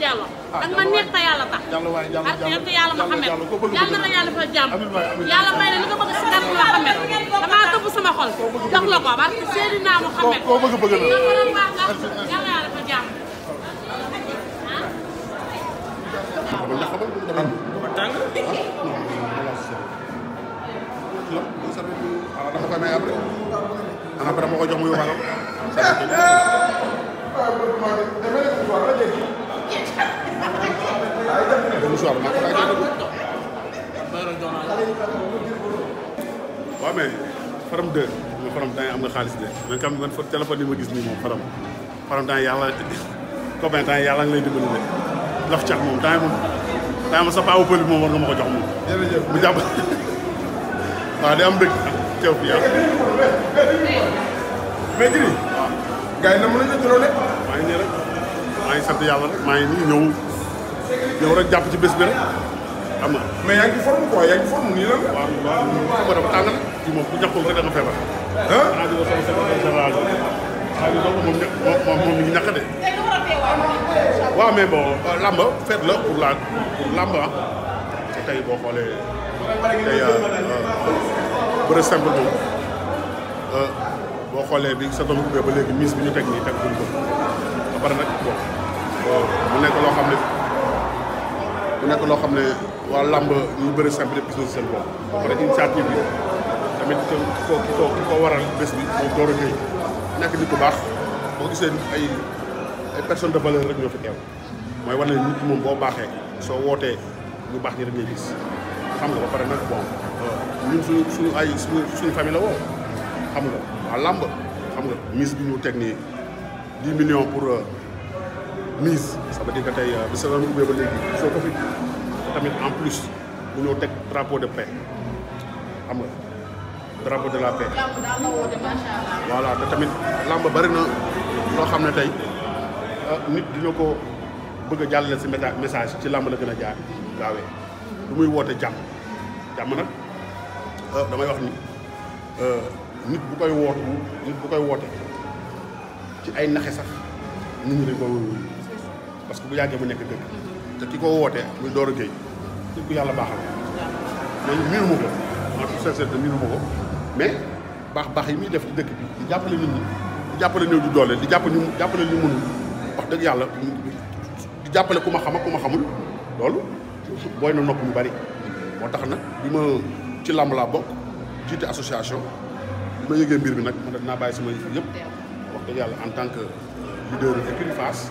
Diallo ak ma neex te yàlla tax ak neex te yàlla ma xamet yàlla na yàlla fa jàmm yàlla may na li nga bëgg si dàmm la xamet damaa tëbb sama xol jox la ko parce que seeni naa mu xamet koo bëgg bëgg la yàlla yàlla fa jàmm dama koy may après après ma ko jox mu yóbbaale waaw mais faram de faram temps yi nga xaalis de man kam man fa ma gis nii moom faram faram temps yi yàlla combien temps yi yàlla nga lay dimbali de laf cax moom temps yi moom ma sa paawu moom war nga ma ko jox moom mu jàpp waaw am dëgg teew fi yàlla mais giri gars na mën a jot maa ngi ne rek maa ngi sant yàlla rek maa ngi nii ñëw yow rek jàpp ci bés bi rek xam forme quoi forme la waaw ku rek hein mais bon euh, lamba fête la pour la lamba ah. tey boo xoolee tey euh, euh, bëre simple moom boo xoolee bi sa doom ubbee ba léegi mise bi ñu bon mu nekk loo xam ne waa làmb ñu bëri simple de piso si seen bopp. ba pare initiative bi tamit ki ko ki ko ki ko waral bés bi moom Doro Gueye nekk nit ku baax boo gisee ay ay de valeur rek ñoo fi teew mooy wane na nit moom boo baaxee soo wootee ñu baax ñi rek ngay gis xam nga ba pare nag bon euh, ñun suñu suñu ay suñu suñu famille la woo xam nga waa làmb xam nga miss bi ñu teg nii 10 millions pour. Euh, mise ça veut ya, dire lebih tey bi saison bi ubbee ba léegi soo ko fi tamit en plus bu ñoo teg drapeau de paix am nga drapeau de la paix. voilà te tamit làmb bari na eh, loo xam ne tey nit dina ko bëgg a jàllale si message ci làmb la gën a jaar gaawee lu muy woote jàmm jàmm nag eh, damay wax ni eh, nit bu koy wootu nit bu koy woote ci ay naxe sax nit ñi dañ ko parce que bu yàggee mu nekk dëgg te ki ko wootee muy Doro Gueye nit ku yàlla baaxal man miinu ko mais baax baax yi muy def ci dëkk bi di jàppale nit ñi di jàppale néew di doole di jàppale jàppale ñu mënul wax dëgg yàlla jàppale ku ma xam ak ku ma xamul loolu booy na nopp ñu bari moo tax nag bi ma ci làmb laa bokk jiite association bi ma yëgee mbir bi nag man dinaa bàyyi sama yëf yëpp wax dëgg yàlla en tant que leader écurie Fass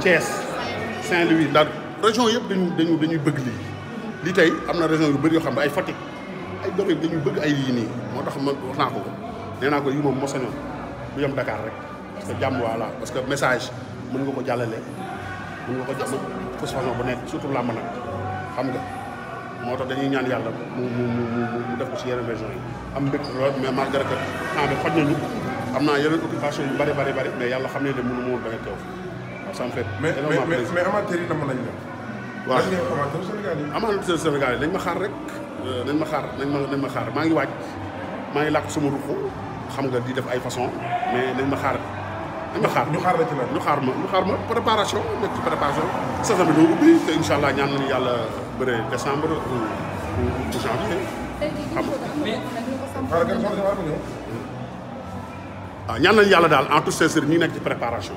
Thiès Saint-Louis la région yëpp dañu dañu dañuy bëgg lii li tey am na région yu bëri yoo xam ne ay Fatick ay doom dañuy bëgg ay lii nii moo tax ma wax naa ko ko nee naa ko yi moom mosañoon du yem Dakar rek parce que jàmm voilà parce que message mën nga ko jàllale mën nga ko jàmm fas façon bu nekk surtout làmb nag xam nga moo tax dañuy ñaan yàlla mu mu mu mu def ko si yeneen région yi am mbégte lool mais malgré que temps bi xoj nañu am occupation yu bëri bëri bëri mais yàlla xam ne de mënu ma woon bañ a ça me fait mais mais mais amateurs yi namoon Sénégal yi. amateurs dañ ma xaar rek dañ euh, ma xaar dañ ma xaar maa ngi waaj maa ngi làkk suma ruq xam nga di def ay façon mais dañ ma xaar dañ ma xaar. ñu xaar la ci ma préparation nekk ci préparation saison doo ubbi te incha allah ñaan nañ yàlla bëre décembre ou janvier. xam ah, ñaan nañu yàlla daal en toute sincérité ñu nekk ci préparation.